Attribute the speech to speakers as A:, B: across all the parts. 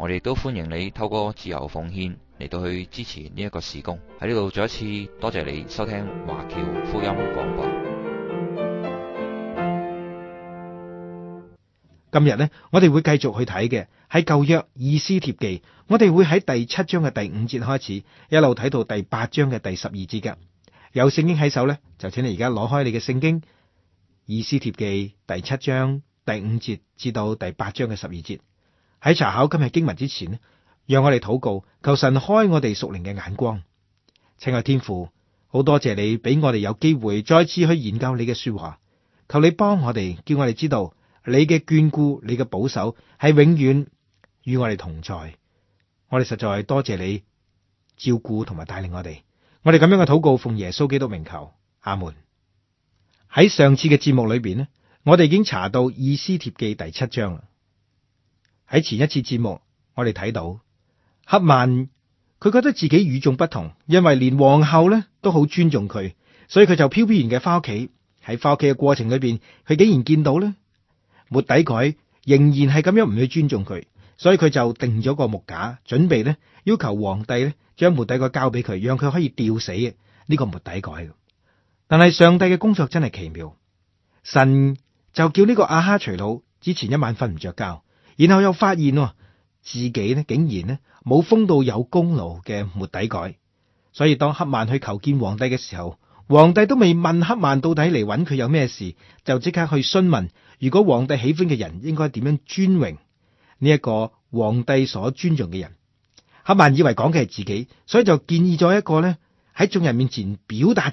A: 我哋都歡迎你透過自由奉獻嚟到去支持呢一個事工。喺呢度再一次多謝你收聽華僑福音廣播。今日呢，我哋會繼續去睇嘅係舊約《以斯帖記》，我哋會喺第七章嘅第五節開始，一路睇到第八章嘅第十二節嘅。有聖經喺手呢，就請你而家攞開你嘅聖經《以斯帖記》第七章第五節至到第八章嘅十二節。喺查考今日經文之前咧，讓我哋禱告，求神開我哋屬靈嘅眼光。親愛天父，好多謝你俾我哋有機會再次去研究你嘅說話，求你幫我哋，叫我哋知道你嘅眷顧、你嘅保守係永遠與我哋同在。我哋實在多謝你照顧同埋帶領我哋。我哋咁樣嘅禱告，奉耶穌基督名求，阿門。喺上次嘅節目裏邊咧，我哋已經查到《以斯帖記》第七章啦。喺前一次節目，我哋睇到哈曼，佢覺得自己與眾不同，因為連皇后咧都好尊重佢，所以佢就飄飄然嘅翻屋企。喺翻屋企嘅過程裏邊，佢竟然見到咧，末底改仍然係咁樣唔去尊重佢，所以佢就定咗個木架，準備咧要求皇帝咧將末底改交俾佢，讓佢可以吊死嘅呢個末底改。但係上帝嘅工作真係奇妙，神就叫呢個亞哈隨魯，之前一晚瞓唔着覺。然後又發現自己咧竟然咧冇封到有功勞嘅末底改。所以當哈曼去求見皇帝嘅時候，皇帝都未問哈曼到底嚟揾佢有咩事，就即刻去詢問。如果皇帝喜歡嘅人應該點樣尊榮呢？一個皇帝所尊重嘅人，哈曼以為講嘅係自己，所以就建議咗一個咧喺眾人面前表達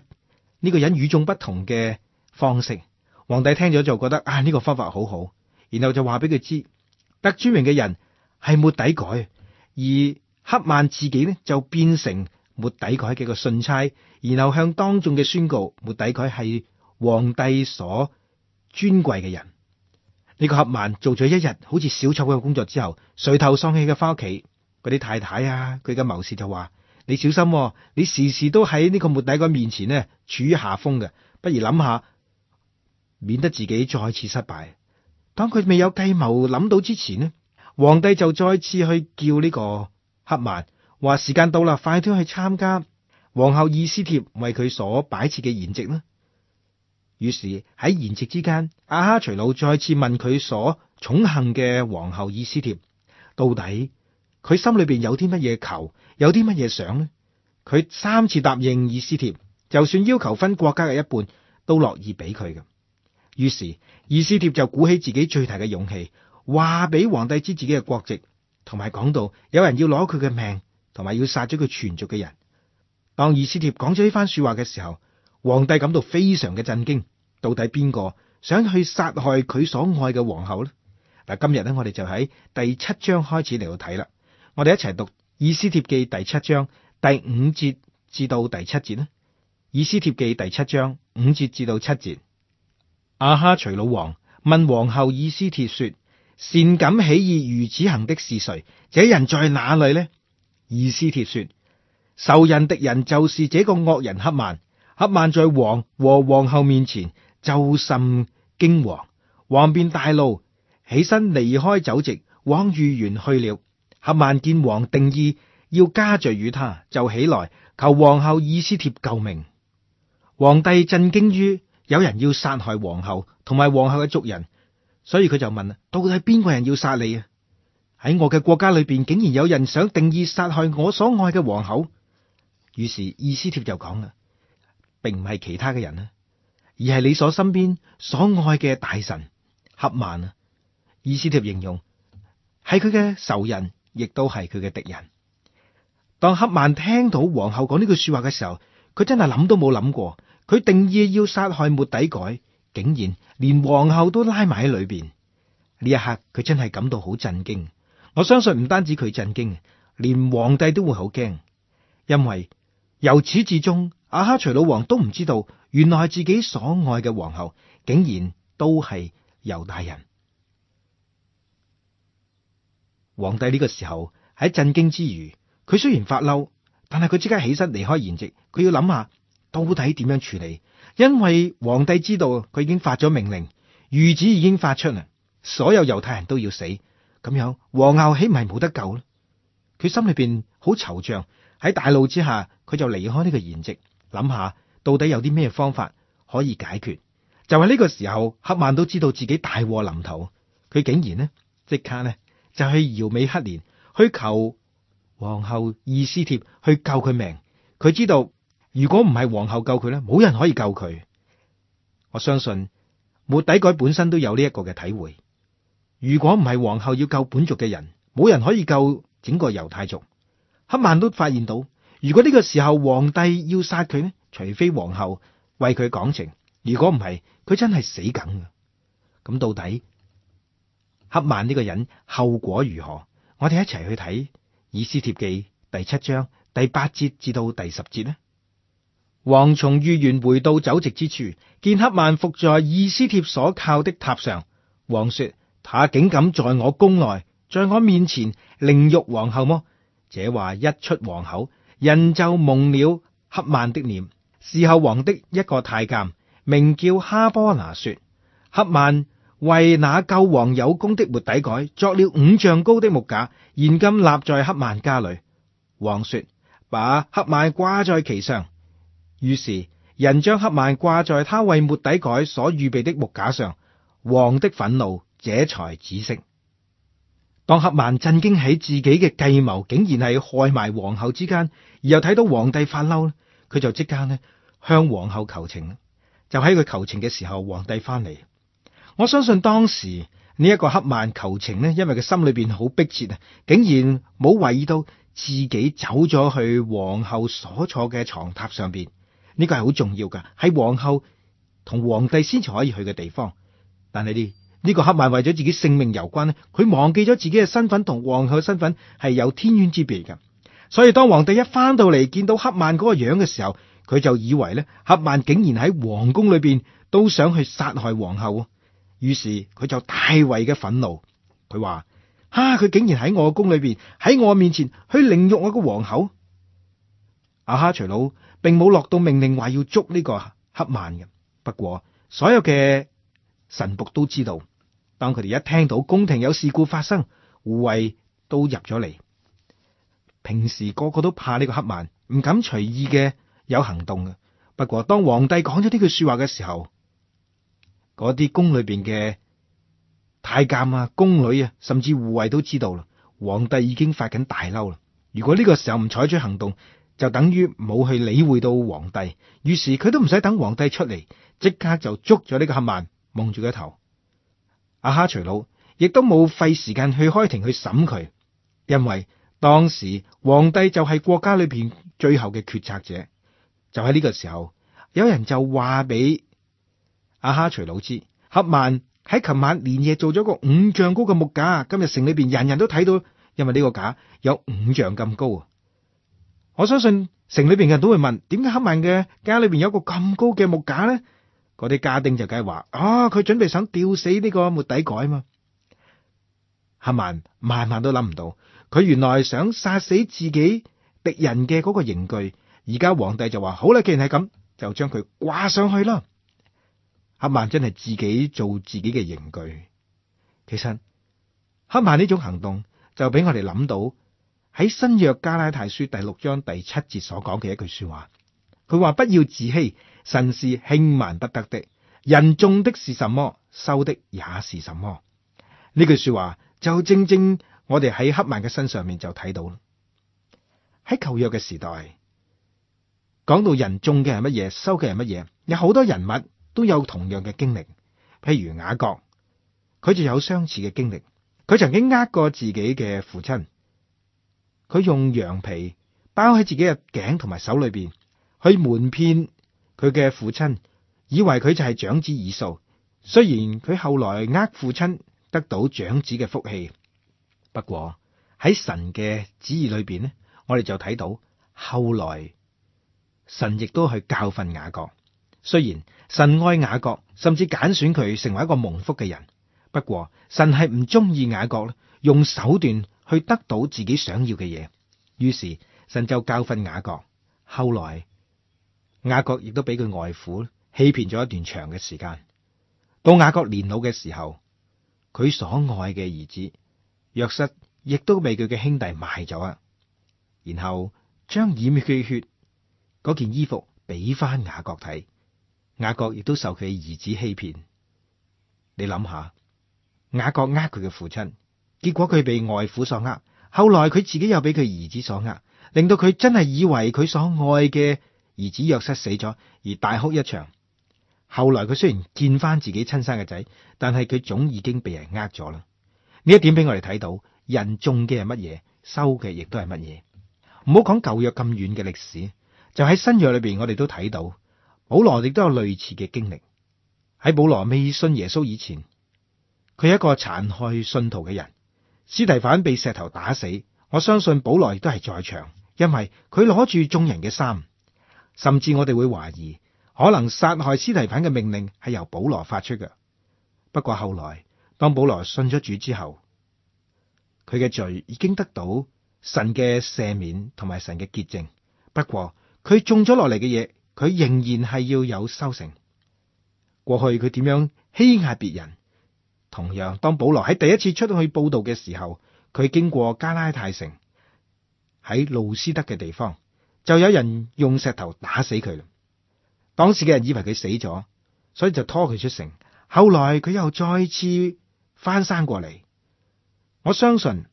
A: 呢個人與眾不同嘅方式。皇帝聽咗就覺得啊，呢個方法好好，然後就話俾佢知。得尊榮嘅人係末底改，而哈曼自己呢，就變成末底改嘅一個信差，然後向當眾嘅宣告末底改係皇帝所尊貴嘅人。呢、這個哈曼做咗一日好似小丑咁嘅工作之後，垂頭喪氣嘅返屋企，佢啲太太啊，佢嘅謀士就話：你小心，哦，你時時都喺呢個末底改面前呢，處於下風嘅，不如諗下，免得自己再次失敗。當佢未有計謀諗到之前呢，皇帝就再次去叫呢個黑曼，話時間到啦，快啲去參加皇后以斯帖為佢所擺設嘅筵席啦。於是喺筵席之間，亞哈隨魯再次問佢所寵幸嘅皇后以斯帖，到底佢心裏邊有啲乜嘢求，有啲乜嘢想呢？佢三次答應以斯帖，就算要求分國家嘅一半，都樂意俾佢嘅。於是，以斯帖就鼓起自己最大嘅勇氣，話俾皇帝知自己嘅國籍，同埋講到有人要攞佢嘅命，同埋要殺咗佢全族嘅人。當以斯帖講咗呢番說話嘅時候，皇帝感到非常嘅震驚。到底邊個想去殺害佢所愛嘅皇后呢？嗱，今日呢，我哋就喺第七章開始嚟到睇啦。我哋一齊讀《以斯帖記》第七章第五節至到第七節啦。《以斯帖記》第七章五節至到七節。亞哈隨魯王問皇后以斯帖說：擅敢起意如此行的是誰？這人在哪裏呢？以斯帖說：仇人敵人就是這個惡人哈曼。哈曼在王和王后面前就甚驚惶，王便大怒，起身離開酒席，往御園去了。哈曼見王定意要加罪於他，就起來求皇后以斯帖救命。皇帝震驚於。有人要殺害皇后同埋皇后嘅族人，所以佢就問啦：到底係邊個人要殺你啊？喺我嘅國家裏邊，竟然有人想定義殺害我所愛嘅皇后。於是，以斯帖就講啦，並唔係其他嘅人啦，而係你所身邊所愛嘅大臣哈曼啊。以斯帖形容，係佢嘅仇人，亦都係佢嘅敵人。當哈曼聽到皇后講呢句說話嘅時候，佢真係諗都冇諗過。佢定意要殺害末底改，竟然連皇后都拉埋喺裏邊。呢一刻，佢真係感到好震驚。我相信唔單止佢震驚，連皇帝都會好驚。因為由始至終，亞哈隨魯王都唔知道，原來係自己所愛嘅皇后，竟然都係猶大人。皇帝呢個時候喺震驚之餘，佢雖然發嬲，但係佢即刻起身離開筵席，佢要諗下。到底點樣處理？因為皇帝知道佢已經發咗命令，御旨已經發出啦，所有猶太人都要死。咁樣王后豈唔係冇得救咧？佢心裏邊好惆悵，喺大怒之下，佢就離開呢個筵席，諗下到底有啲咩方法可以解決。就係呢個時候，哈曼都知道自己大禍臨頭，佢竟然呢，即刻呢，就去搖尾乞憐去求皇后以斯帖去救佢命。佢知道。如果唔係皇后救佢呢，冇人可以救佢。我相信末底改本身都有呢一個嘅體會。如果唔係皇后要救本族嘅人，冇人可以救整個猶太族。哈曼都發現到，如果呢個時候皇帝要殺佢咧，除非皇后為佢講情。如果唔係，佢真係死梗嘅。咁到底哈曼呢個人後果如何？我哋一齊去睇以斯帖記第七章第八節至到第十節啦。王從御園回到酒席之處，見哈曼伏在以斯帖所靠的塔上。王說：他竟敢在我宮內，在我面前凌辱皇后麼？這話一出王口，人就蒙了哈曼的臉。事後王的一個太監名叫哈波拿說：哈曼為那救王有功的末底改作了五丈高的木架，現今立在哈曼家裏。王說：把哈曼掛在其上。於是人將哈曼掛在他為末底改所預備的木架上。王的憤怒這才止息。當哈曼震驚喺自己嘅計謀竟然係害埋皇后之間，而又睇到皇帝發嬲呢，佢就即刻呢向皇后求情。就喺佢求情嘅時候，皇帝返嚟。我相信當時呢一個哈曼求情呢，因為佢心裏邊好迫切啊，竟然冇為意到自己走咗去皇后所坐嘅床榻上邊。呢個係好重要噶，喺皇后同皇帝先至可以去嘅地方。但係呢，呢個黑曼為咗自己性命攸關呢，佢忘記咗自己嘅身份同皇后嘅身份係有天淵之別嘅。所以當皇帝一翻到嚟見到黑曼嗰個樣嘅時候，佢就以為呢，黑曼竟然喺皇宮裏邊都想去殺害皇后。於是佢就大為嘅憤怒，佢話：哈、啊！佢竟然喺我宮裏邊喺我面前去凌辱我嘅皇后。阿、啊、哈隨魯。並冇落到命令話要捉呢個黑曼嘅。不過所有嘅神僕都知道，當佢哋一聽到宮廷有事故發生，護衛都入咗嚟。平時個個都怕呢個黑曼，唔敢隨意嘅有行動嘅。不過當皇帝講咗呢句說話嘅時候，嗰啲宮裏邊嘅太監啊、宮女啊，甚至護衛都知道啦。皇帝已經發緊大嬲啦！如果呢個時候唔採取行動，就等於冇去理會到皇帝，於是佢都唔使等皇帝出嚟，即刻就捉咗呢個哈曼，蒙住個頭。亞哈隨魯亦都冇費時間去開庭去審佢，因為當時皇帝就係國家裏邊最後嘅決策者。就喺呢個時候，有人就話俾亞哈隨魯知，哈曼喺琴晚連夜做咗個五丈高嘅木架，今日城裏邊人人都睇到，因為呢個架有五丈咁高啊。我相信城裏邊嘅人都會問：點解哈曼嘅家裏邊有個咁高嘅木架咧？嗰啲家丁就梗係話：啊，佢準備想吊死呢個末底改啊嘛。哈曼萬萬都諗唔到，佢原來想殺死自己敵人嘅嗰個刑具。而家皇帝就話：好啦，既然係咁，就將佢掛上去啦。哈曼真係自己做自己嘅刑具。其實哈曼呢種行動就俾我哋諗到。喺新約加拉太書第六章第七節所講嘅一句說話，佢話：不要自欺，神是輕慢不得的。人種的是什麼，收的也是什麼。呢句說話就正正我哋喺哈曼嘅身上面就睇到啦。喺舊約嘅時代，講到人種嘅係乜嘢，收嘅係乜嘢，有好多人物都有同樣嘅經歷。譬如雅各，佢就有相似嘅經歷，佢曾經呃過自己嘅父親。佢用羊皮包喺自己嘅頸同埋手裏邊，去瞞騙佢嘅父親，以為佢就係長子以掃。雖然佢後來呃父親得到長子嘅福氣，不過喺神嘅旨意裏邊呢，我哋就睇到後來神亦都去教訓雅各。雖然神愛雅各，甚至揀選佢成為一個蒙福嘅人，不過神係唔中意雅各，用手段。去得到自己想要嘅嘢，於是神就教訓雅各。後來雅各亦都俾佢外父欺騙咗一段長嘅時間。到雅各年老嘅時候，佢所愛嘅兒子約瑟亦都被佢嘅兄弟賣咗啊！然後將染血血嗰件衣服俾翻雅各睇，雅各亦都受佢兒子欺騙。你諗下，雅各呃佢嘅父親。結果佢被外父所呃，後來佢自己又俾佢兒子所呃，令到佢真係以為佢所愛嘅兒子約瑟死咗而大哭一場。後來佢雖然見翻自己親生嘅仔，但係佢總已經俾人呃咗啦。呢一點俾我哋睇到，人種嘅係乜嘢，收嘅亦都係乜嘢。唔好講舊約咁遠嘅歷史，就喺新約裏邊，我哋都睇到保羅亦都有類似嘅經歷。喺保羅未信耶穌以前，佢係一個殘害信徒嘅人。司提反被石頭打死，我相信保羅亦都係在場，因為佢攞住眾人嘅衫，甚至我哋會懷疑可能殺害司提反嘅命令係由保羅發出嘅。不過後來，當保羅信咗主之後，佢嘅罪已經得到神嘅赦免同埋神嘅潔淨。不過佢種咗落嚟嘅嘢，佢仍然係要有收成。過去佢點樣欺壓別人？同樣，當保羅喺第一次出去報道嘅時候，佢經過加拉太城，喺路斯德嘅地方，就有人用石頭打死佢啦。當時嘅人以為佢死咗，所以就拖佢出城。後來佢又再次返生過嚟。我相信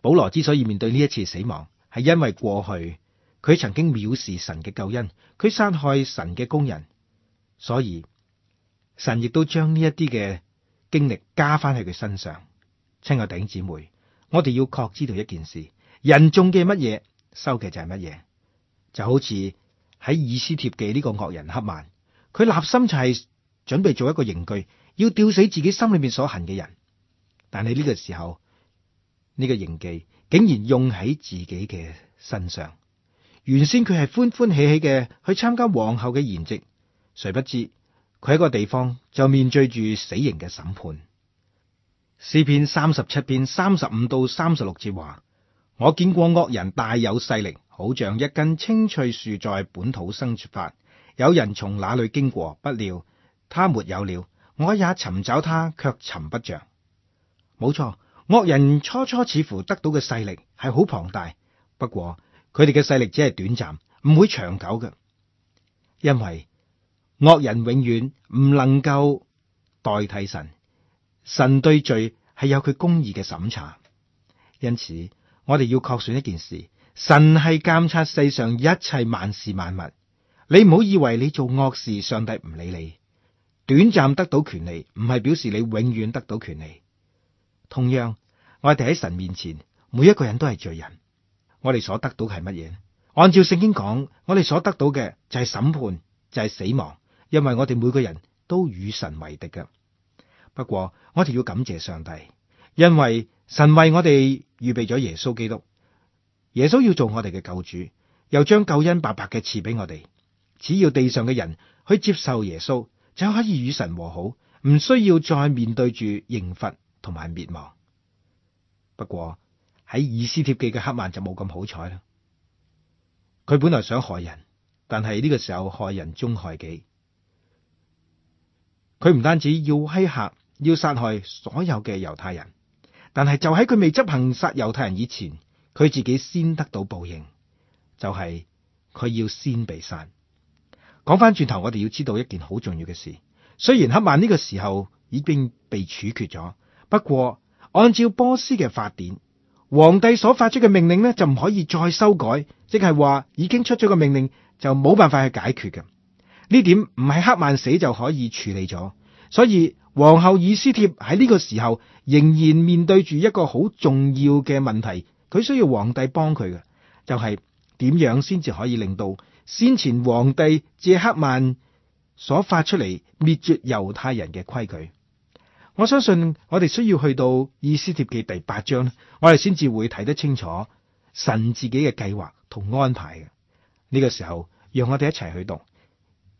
A: 保羅之所以面對呢一次死亡，係因為過去佢曾經藐視神嘅救恩，佢殺害神嘅工人，所以神亦都將呢一啲嘅。經歷加翻喺佢身上，親愛嘅姊妹，我哋要確知道一件事：人種嘅乜嘢，收嘅就係乜嘢。就好似喺以斯帖記呢個惡人哈曼，佢立心就係準備做一個刑具，要吊死自己心裏面所恨嘅人。但係呢個時候，呢、這個刑具竟然用喺自己嘅身上。原先佢係歡歡喜喜嘅去參加皇后嘅筵席，誰不知？佢喺個地方就面對住死刑嘅審判。詩篇三十七篇三十五到三十六節話：我見過惡人大有勢力，好像一根青翠樹在本土生出發。有人從那裏經過，不料他沒有了。我也尋找他，卻尋不着。冇錯，惡人初初似乎得到嘅勢力係好龐大，不過佢哋嘅勢力只係短暫，唔會長久嘅，因為。惡人永遠唔能夠代替神，神對罪係有佢公義嘅審查。因此，我哋要確認一件事：神係監察世上一切萬事萬物。你唔好以為你做惡事，上帝唔理你。短暫得到權利，唔係表示你永遠得到權利。同樣，我哋喺神面前，每一個人都係罪人。我哋所得到係乜嘢？按照聖經講，我哋所得到嘅就係審判，就係死亡。因為我哋每個人都與神為敵嘅，不過我哋要感謝上帝，因為神為我哋預備咗耶穌基督，耶穌要做我哋嘅救主，又將救恩白白嘅賜俾我哋。只要地上嘅人去接受耶穌，就可以與神和好，唔需要再面對住刑罰同埋滅亡。不過喺以斯帖記嘅哈曼就冇咁好彩啦，佢本來想害人，但係呢個時候害人終害己。佢唔單止要欺客，要殺害所有嘅猶太人，但係就喺佢未執行殺猶太人以前，佢自己先得到報應，就係佢要先被殺。講翻轉頭，我哋要知道一件好重要嘅事。雖然哈曼呢個時候已經被處決咗，不過按照波斯嘅法典，皇帝所發出嘅命令咧就唔可以再修改，即係話已經出咗個命令就冇辦法去解決嘅。呢點唔係黑曼死就可以處理咗，所以皇后以斯帖喺呢個時候仍然面對住一個好重要嘅問題，佢需要皇帝幫佢嘅，就係點樣先至可以令到先前皇帝借黑曼所發出嚟滅絕猶太人嘅規矩。我相信我哋需要去到以斯帖記第八章咧，我哋先至會睇得清楚神自己嘅計劃同安排嘅。呢個時候，讓我哋一齊去讀。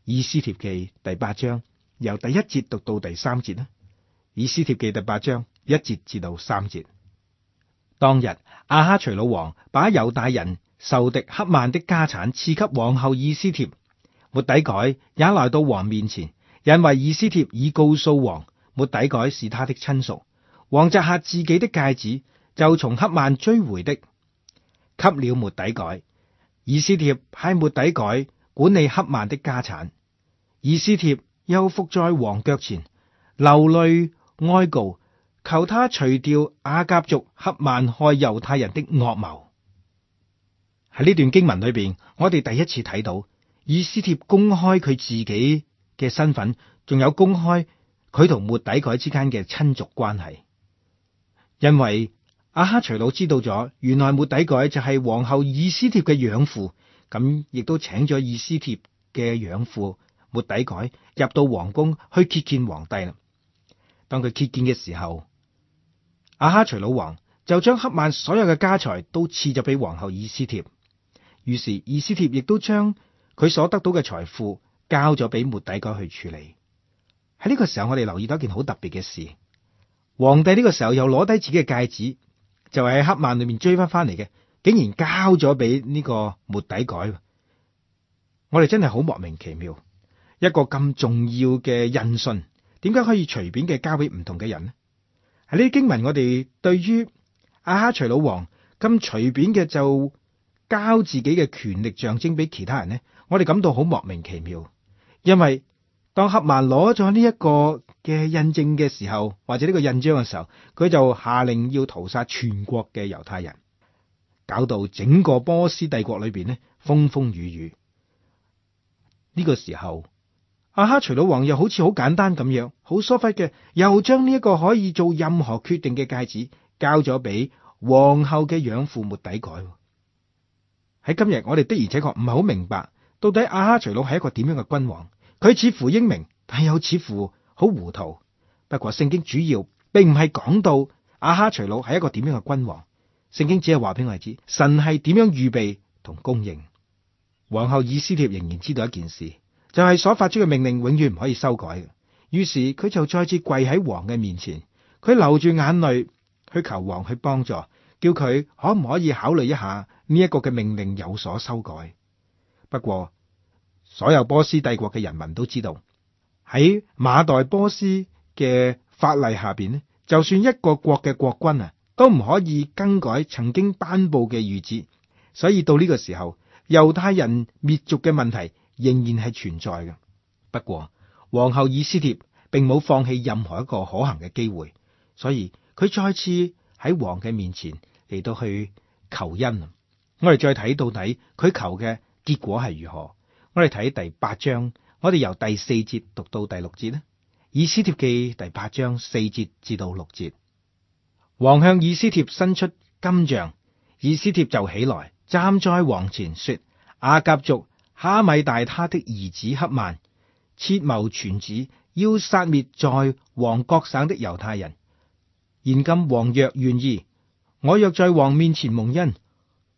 A: 以斯帖記第八章由第一節讀到第三節呢，以斯帖記第八章一節至到三節。當日亞哈隨魯王把猶大人仇敵哈曼的家產賜給王后以斯帖，末底改也來到王面前，因為以斯帖已告訴王，末底改是他的親屬。王摘下自己的戒指，就從哈曼追回的，給了末底改。以斯帖喺末底改。管理哈曼的家產，以斯帖又伏在王腳前流淚哀告，求他除掉亞甲族哈曼害猶太人的惡謀。喺呢段經文裏邊，我哋第一次睇到以斯帖公開佢自己嘅身份，仲有公開佢同末底改之間嘅親族關係。因為亞哈隨魯知道咗，原來末底改就係王后以斯帖嘅養父。咁亦都請咗以斯帖嘅養父末底改入到皇宮去謁見皇帝啦。當佢謁見嘅時候，亞哈隨魯王就將哈曼所有嘅家財都賜咗俾皇后以斯帖。於是以斯帖亦都將佢所得到嘅財富交咗俾末底改去處理。喺呢個時候，我哋留意到一件好特別嘅事，皇帝呢個時候又攞低自己嘅戒指，就係喺哈曼裏面追翻翻嚟嘅。竟然交咗俾呢個末底改，我哋真係好莫名其妙。一個咁重要嘅印信，點解可以隨便嘅交俾唔同嘅人呢？喺呢啲經文，我哋對於亞哈隨魯王咁隨便嘅就交自己嘅權力象徵俾其他人呢？我哋感到好莫名其妙。因為當哈曼攞咗呢一個嘅印證嘅時候，或者呢個印章嘅時候，佢就下令要屠殺全國嘅猶太人。搞到整個波斯帝國裏邊咧風風雨雨。呢、這個時候，亞哈隨魯王又好似好簡單咁樣，好疏忽嘅，又將呢一個可以做任何決定嘅戒指交咗俾皇后嘅養父末底改。喺今日，我哋的而且確唔係好明白到底亞哈隨魯係一個點樣嘅君王。佢似乎英明，但又似乎好糊塗。不過聖經主要並唔係講到亞哈隨魯係一個點樣嘅君王。聖經只係話俾我知，神係點樣預備同供應。皇后以斯帖仍然知道一件事，就係所發出嘅命令永遠唔可以修改嘅。於是佢就再次跪喺王嘅面前，佢流住眼淚去求王去幫助，叫佢可唔可以考慮一下呢一個嘅命令有所修改。不過，所有波斯帝國嘅人民都知道喺馬代波斯嘅法例下邊咧，就算一個國嘅國君啊。都唔可以更改曾經頒布嘅諭旨，所以到呢個時候，猶太人滅族嘅問題仍然係存在嘅。不過，皇后以斯帖並冇放棄任何一個可行嘅機會，所以佢再次喺皇嘅面前嚟到去求恩。我哋再睇到底佢求嘅結果係如何。我哋睇第八章，我哋由第四節讀到第六節呢《以斯帖記》第八章四節至到六節。王向以斯帖伸出金杖，以斯帖就起來，站在王前說：阿甲族哈米大他的兒子黑曼，設謀傳旨，要殺滅在王各省的猶太人。現今王若願意，我若在王面前蒙恩，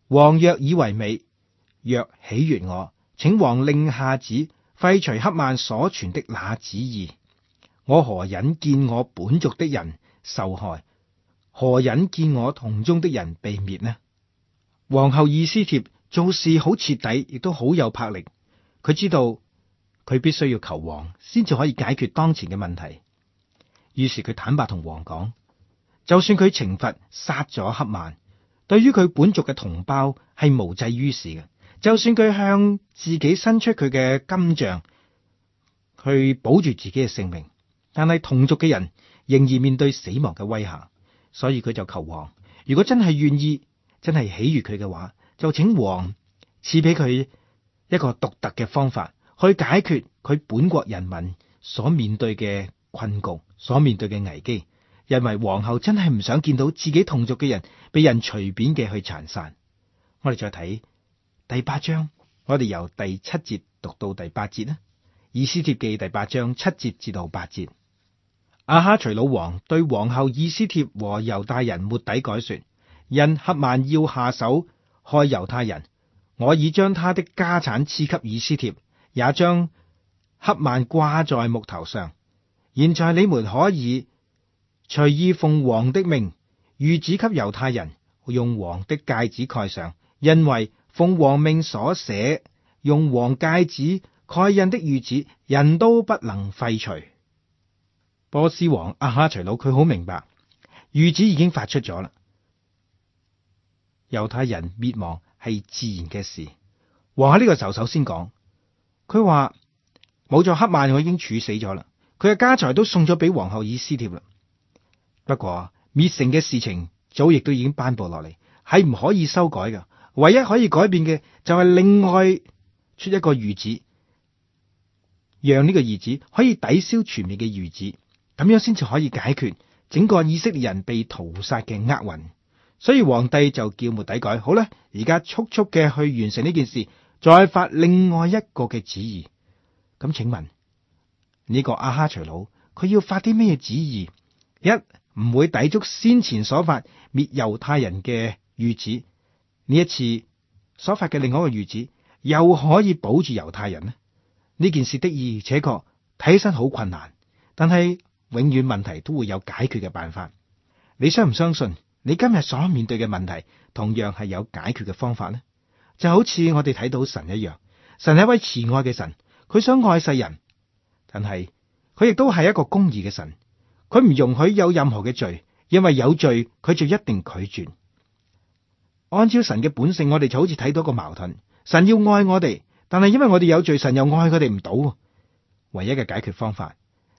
A: 王若以為美，若喜悦我，請王令下旨廢除黑曼所傳的那旨意。我何忍見我本族的人受害？何忍見我同宗的人被滅呢？皇后以斯帖做事好徹底，亦都好有魄力。佢知道佢必須要求王，先至可以解決當前嘅問題。於是佢坦白同王講：就算佢懲罰殺咗哈曼，對於佢本族嘅同胞係無濟於事嘅。就算佢向自己伸出佢嘅金杖去保住自己嘅性命，但係同族嘅人仍然面對死亡嘅威嚇。所以佢就求王，如果真係願意，真係喜悅佢嘅話，就請王賜俾佢一個獨特嘅方法，去解決佢本國人民所面對嘅困局，所面對嘅危機。因為皇后真係唔想見到自己同族嘅人俾人隨便嘅去殘殺。我哋再睇第八章，我哋由第七節讀到第八節啦，《以斯帖記》第八章七節至到八節。阿、啊、哈隨魯王對皇后以斯帖和猶太人末底改說：因哈曼要下手害猶太人，我已將他的家產賜給以斯帖，也將哈曼掛在木頭上。現在你們可以隨意奉王的命，御旨給猶太人用王的戒指蓋上，因為奉王命所寫用王戒指蓋印的御旨，人都不能廢除。波斯王亞哈隨魯，佢好明白諭旨已經發出咗啦。猶太人滅亡係自然嘅事。皇喺呢個時候首先講，佢話冇咗黑曼，我已經處死咗啦。佢嘅家財都送咗俾皇后以斯帖啦。不過滅城嘅事情早亦都已經頒布落嚟，係唔可以修改嘅。唯一可以改變嘅就係另外出一個諭旨，讓呢個諭旨可以抵消全面嘅諭旨。咁樣先至可以解決整個以色列人被屠殺嘅厄運，所以皇帝就叫末底改好啦，而家速速嘅去完成呢件事，再發另外一個嘅旨意。咁請問呢、這個亞哈隨魯，佢要發啲咩旨意？一唔會抵觸先前所發滅猶太人嘅諭旨，呢一次所發嘅另外一個諭旨又可以保住猶太人呢？呢件事的而且確睇起身好困難，但係。永遠問題都會有解決嘅辦法。你相唔相信？你今日所面對嘅問題，同樣係有解決嘅方法呢？就好似我哋睇到神一樣，神係一位慈愛嘅神，佢想愛世人，但係佢亦都係一個公義嘅神，佢唔容許有任何嘅罪，因為有罪佢就一定拒絕。按照神嘅本性，我哋就好似睇到個矛盾：神要愛我哋，但係因為我哋有罪，神又愛佢哋唔到。唯一嘅解決方法。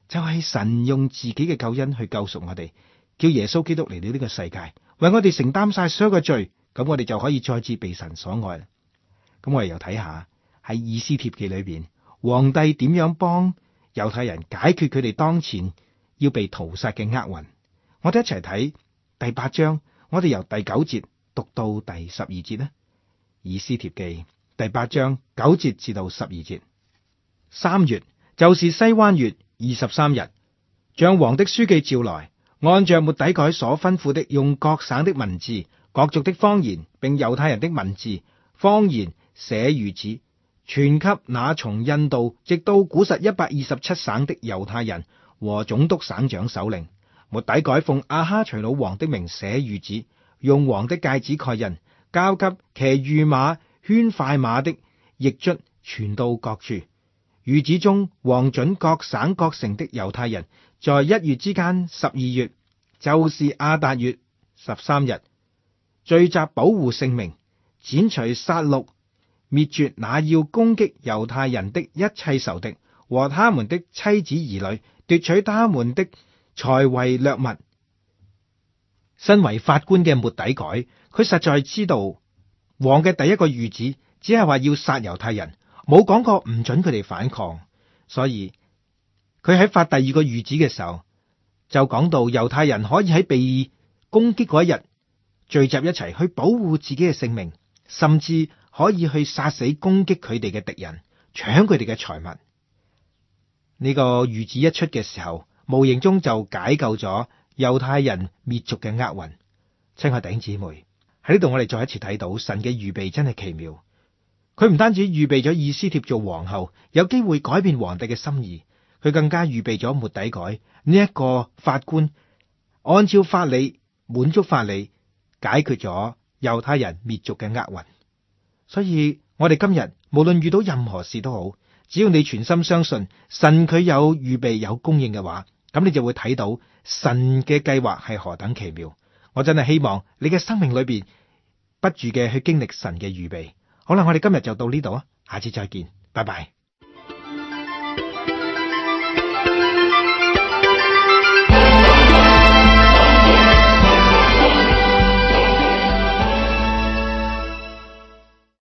A: 就係神用自己嘅救恩去救贖我哋，叫耶穌基督嚟到呢個世界，為我哋承擔晒所有嘅罪，咁我哋就可以再次被神所愛啦。咁我哋又睇下喺《以斯帖記》裏邊，皇帝點樣幫猶太人解決佢哋當前要被屠殺嘅厄運？我哋一齊睇第八章，我哋由第九節讀到第十二節呢，《以斯帖記》第八章九節至到十二節。三月就是西灣月。二十三日，將王的書記召來，按照末底改所吩咐的，用各省的文字、各族的方言，並猶太人的文字、方言寫諭旨，傳給那從印度直到古實一百二十七省的猶太人和總督、省長、首領。末底改奉亞哈隨魯王的名寫諭旨，用王的戒指蓋印，交給騎御馬、圈快馬的，驛卒傳到各處。諭旨中，王准各省各城的猶太人，在一月之間，十二月就是亞達月十三日，聚集保護性命，剪除殺戮，滅絕那要攻擊猶太人的一切仇敵和他們的妻子兒女，奪取他們的財為掠物。身為法官嘅末底改，佢實在知道王嘅第一個諭旨，只係話要殺猶太人。冇講過唔准佢哋反抗，所以佢喺發第二個諭旨嘅時候，就講到猶太人可以喺被攻擊嗰一日聚集一齊去保護自己嘅性命，甚至可以去殺死攻擊佢哋嘅敵人，搶佢哋嘅財物。呢、這個諭旨一出嘅時候，無形中就解救咗猶太人滅族嘅厄運。親愛頂姊妹喺呢度，我哋再一次睇到神嘅預備真係奇妙。佢唔單止預備咗以斯帖做皇后，有機會改變皇帝嘅心意，佢更加預備咗末底改呢一個法官，按照法理滿足法理，解決咗猶太人滅族嘅厄運。所以，我哋今日無論遇到任何事都好，只要你全心相信神，佢有預備有供應嘅話，咁你就會睇到神嘅計劃係何等奇妙。我真係希望你嘅生命裏邊不住嘅去經歷神嘅預備。好啦，我哋今日就到呢度啊，下次再見，拜拜。